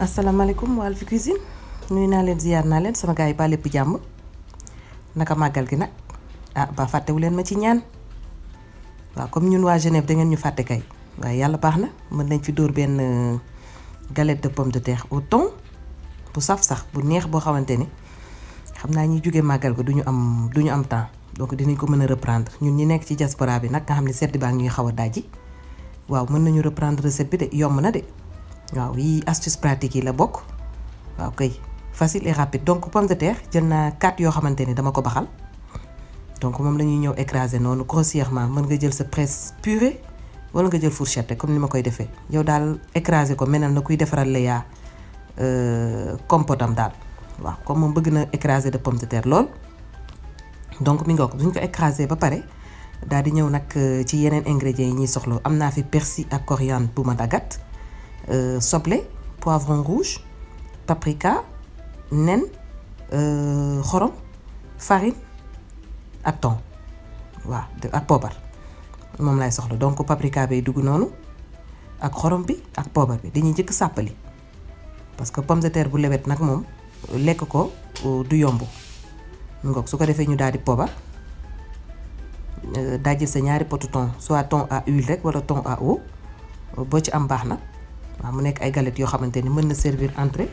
asalaamaaleykum waa Alphie Cuisine nuyu naa leen ziyaar naa leen sama gars yi ba lépp jàmm naka màggal gi nag ah ba fàttewu leen ma ci ñaan waaw comme ñun waa Genève da ngeen ñu fàtte kay waaye yàlla baax na mën nañ fi dóor benn euh, galette de pomme de terre au bu saf sax bu neex boo xamante ni xam naa ñi jóge màggal gi duñu am duñu am temps donc dinañ ko mën a reprendre ñun ñi nekk ci diaspora bi nag nga xam ne sedd baa ngi ñuy xaw a daaji waaw mën nañu reprendre recette yomb na de. waaw yi astuce pratique yi la bokk waaw kay facile et rapide donc pomme de terre jël naa quatre yoo xamante ni dama ko baxal donc moom la ñuy ñëw écraser noonu grossièrement mën nga jël sa presse purée wala nga jël fourchette comme ni ma koy defee yow daal écraser ko menal na kuy defaral la yaa euh, compotam daal waaw comme moom bëgg na écrasé de pomme de terre lool. donc mi nga ko bu ko écraser ba pare daal di ñëw nag euh, ci yeneen ingrédients yi ñuy soxla am naa fi persil ak coriandre bu ma dagat Euh, soble poivron rouge paprika nen euh, xorom farine ak thon waaw ak poobar moom lay soxla donc paprika bay dugg noonu ak xorom bi ak poobar bi dañuy jëkk sàppali parce que pomme de terre bu lewet nag moom lekk ko euh, du yomb mu ngoog su ko defee ñu daal di poobar dajji sa ñaari potu thon soit thon a huile rek wala thon à eau boo ci am baax na waaw mu nekk ay galettes yoo xamante ni mën na servir entrée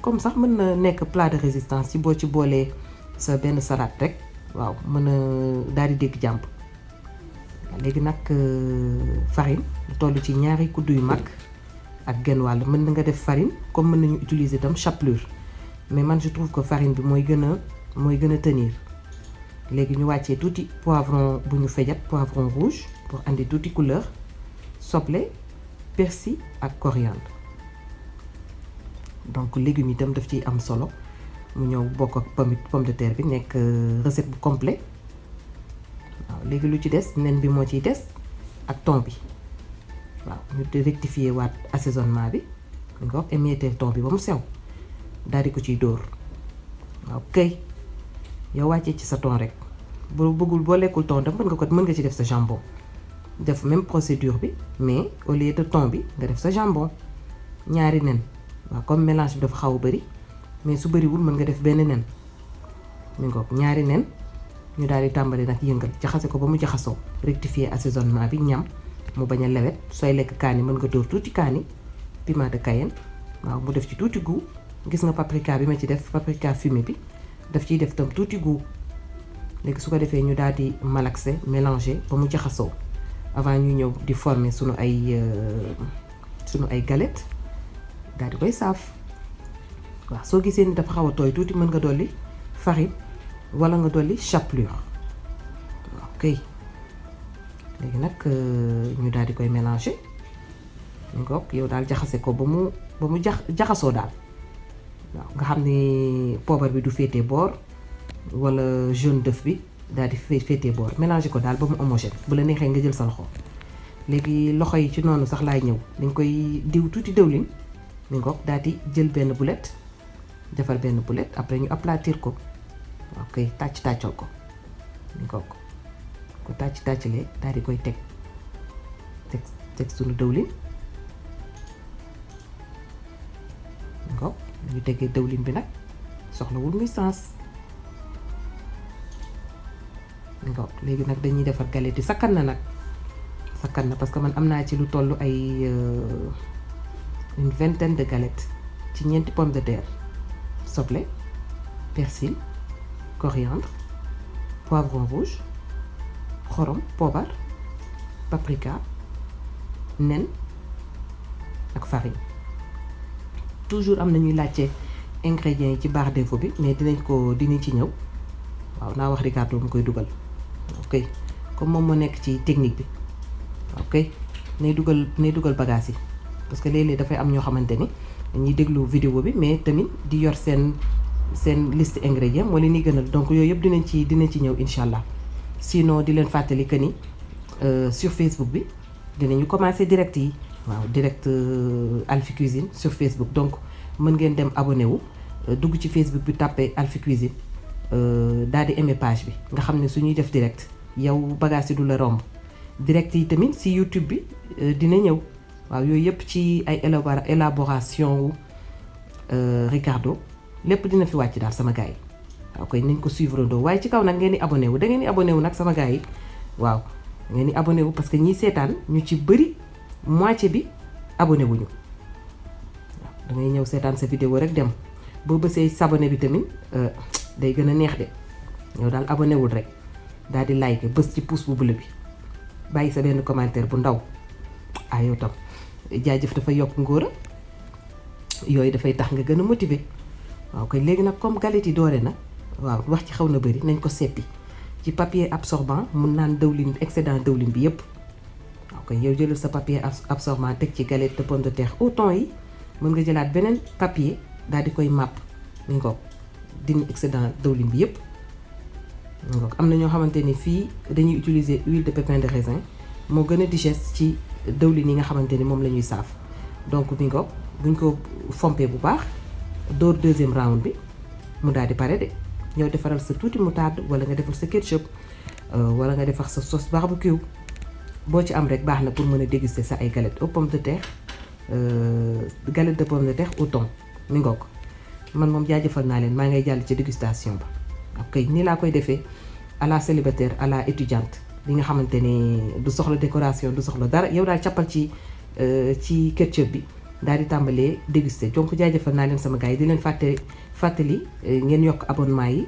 comme sax mën na nekk plat de résistance ci boo ci boolee sa benn salade rek waaw mën a daal di dégg jàmp léegi nag euh, farine lu toll ci ñaari kuddu yu mag ak genn wàll mën na nga def farine comme mën nañu utiliser itam chapelure mais man je trouve que farine bi mooy gën a mooy gën a tenir léegi ñu wàccee tuuti poivron bu ñu fejat poivron rouge pour andi tuuti couleur soble persil ak coriandre donc légumes yi itam daf ciy am solo mu ñëw bokk ak pomme de terre bi nekk euh, recette bu complet waaw léegi lu ci des nen bi moo ciy des ak thon bi waaw ñu rectifier waat assaisonnement bi ñu ko wax émietté thon bi ba mu sew daal di ko ciy dóor waaw kay yow wàccee ci sa thon rek bu bëggul boo lekkul thon tam mën nga ko mën nga ci def sa jambon. def même procédure bi mais au lieu de ton bi nga def sa jambon ñaari nen waaw comme mélange bi dafa xaw a bëri mais su bëriwul mën nga def benn nen mi ngoog ñaari nen ñu daal di tàmbali nag yëngal jaxase ko ba mu jaxasoo rectifier assaisonnement bi ñam mu baña a lewet sooy lekk kaani mën nga dóor tuuti kaani piment de Cayenne waaw mu def ci tuuti gu gis nga paprika bi ma ci def paprika fumé bi daf ciy def tam tuuti goût léegi su ko defee ñu daal di malaxé mélangé ba mu jaxasoo avant ñu ñëw di former sunu ay euh, sunu ay galette daal di koy saaf waaw soo gisee ni dafa xaw a tooy tuuti mën nga dolli farine wala nga dolli chapelure waaw kay léegi nag euh, ñu daal di koy mélanger ngoog yow daal jaxase ko ba mu ba mu jax jaxasoo daal nga xam ni poobar bi du féete boor wala jaune d'œuf bi daal di féetee boor mélangé ko daal ba mu homogène bu la neexee nga jël sa loxo léegi loxo yi ci noonu sax laay ñëw dañ koy diw tuuti diwlin mi ngoog daal di jël benn bulet defar benn boulette après ñu aplatir ko ok tàcc tàccal ko mi ngoog ko tàcc tàccalee daal di koy teg teg teg sunu diwlin mi ngoog ñu tegee diwlin bi nag soxlawul muy sens. donc léegi nag dañuy defar galette sakkan na nag sakkan na parce que man am naa ci lu toll ay euh, une vingtaine de galettes ci ñeenti pomme de terre soble persil coriandre poivron rouge xorom poobar paprika nen ak farine toujours am na ñuy laajte ingrédients yi ci barre d'infos bi mais dinañ ko dinañ ci ñëw waaw naa wax Ricardo mu koy dugal. kay comme moom moo nekk ci technique bi waaw kay nay dugal nay dugal bagage yi parce que léeg-léeg dafay am ñoo xamante ni dañuy déglu vidéo bi mais tamit di yor seen seen liste ingrédients moo leen di gënal donc yooyu yëpp dinañ ci dinañ ci ñëw incha allah si sinon di leen fàttali que ni euh, sur Facebook bi dinañu commencé direct yi waaw direct euh, Alphie Cuisine sur Facebook donc mën ngeen dem abonné wu euh, dugg ci Facebook bi tàppee Alphie Cuisine daal di aimé page bi nga xam ne su ñuy def direct. yow bagage yi du la romb direct yi tamit si YouTube bi euh, dina ñëw waaw yooyu yëpp ci ay élaboration wu euh, Ricardo lépp dina fi wàcc daal sama gars yi waaw koy nañ ko suivre ndoo waaye ci kaw nag ngeen di abonné wu da ngeen di abonné wu nag sama gars yi waaw ngeen di abonné wu parce que ñiy seetaan ñu ci bëri moitié bi abonné wuñu waaw da ñëw seetaan sa vidéo rek dem boo bësee s'abonné bi tamit euh, day gën a neex de ñëw daal abonné wul rek daal di like bés ci pouce bu bleu bi bàyyi sa benn commentaire bu ndaw ah yow tam jaajëf dafa yokk ngóora yooyu dafay tax nga gën a motiver waaw koy léegi nag comme galette yi doore na waaw wax ci xaw na bëri nañ ko seppi ci papier absorbant mun naan dëwlin excédent dëwlin bi yépp waaw koy yow jëlal sa papier absorbant teg ci galette de pomme de terre au thon yi mën nga jëlaat beneen papier daal di koy màpp mi ngoog dindi excédent dëwlin bi yépp donc am na ñoo xamante ni fii dañuy utiliser huile de pépin de raisin moo gën a digeste ci dëwlin yi nga xamante ni moom la ñuy saaf donc mi ngo buñ ko fompee bu baax door deuxième round bi mu daal di pare de ñoo defaral sa tuuti moutarde wala nga defar sa ketchup euh, wala nga defar sa sos baax bu kiw boo ci am rek baax na pour mën a déguster sa ay galette aux pommes de terre euh, galette de pommes de terre au thon mi ngoog man moom jaajëfal naa leen maa ngay jàll ci dégustation ba ok nii laa koy defee à la célibataire à la étudiante li nga xamante ne du soxla décoration du soxla dara yow daal cappal ci euh, ci ketchup bi daal di tàmbalee déguster donc jaajëfal naa leen sama gars di leen fàtte fàttali euh, ngeen yokk abonnement yi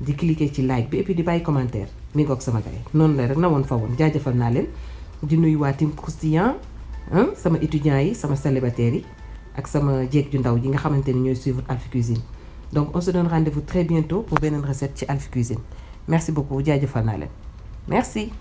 di cliquer ci like bi et di bàyyi commentaire mi ngoog sama gars noonu la rek na woon fa woon jaajëfal naa leen di nuyu waa Tim Christian sama étudiants yi sama célibataires yi ak sama jeeg ju ndaw ji nga xamante ne ñooy suivre Alphie donc on se donne rendez-vous très bientôt pour beneen recette ci Alphie Cuisine merci beaucoup jaajëfal naa merci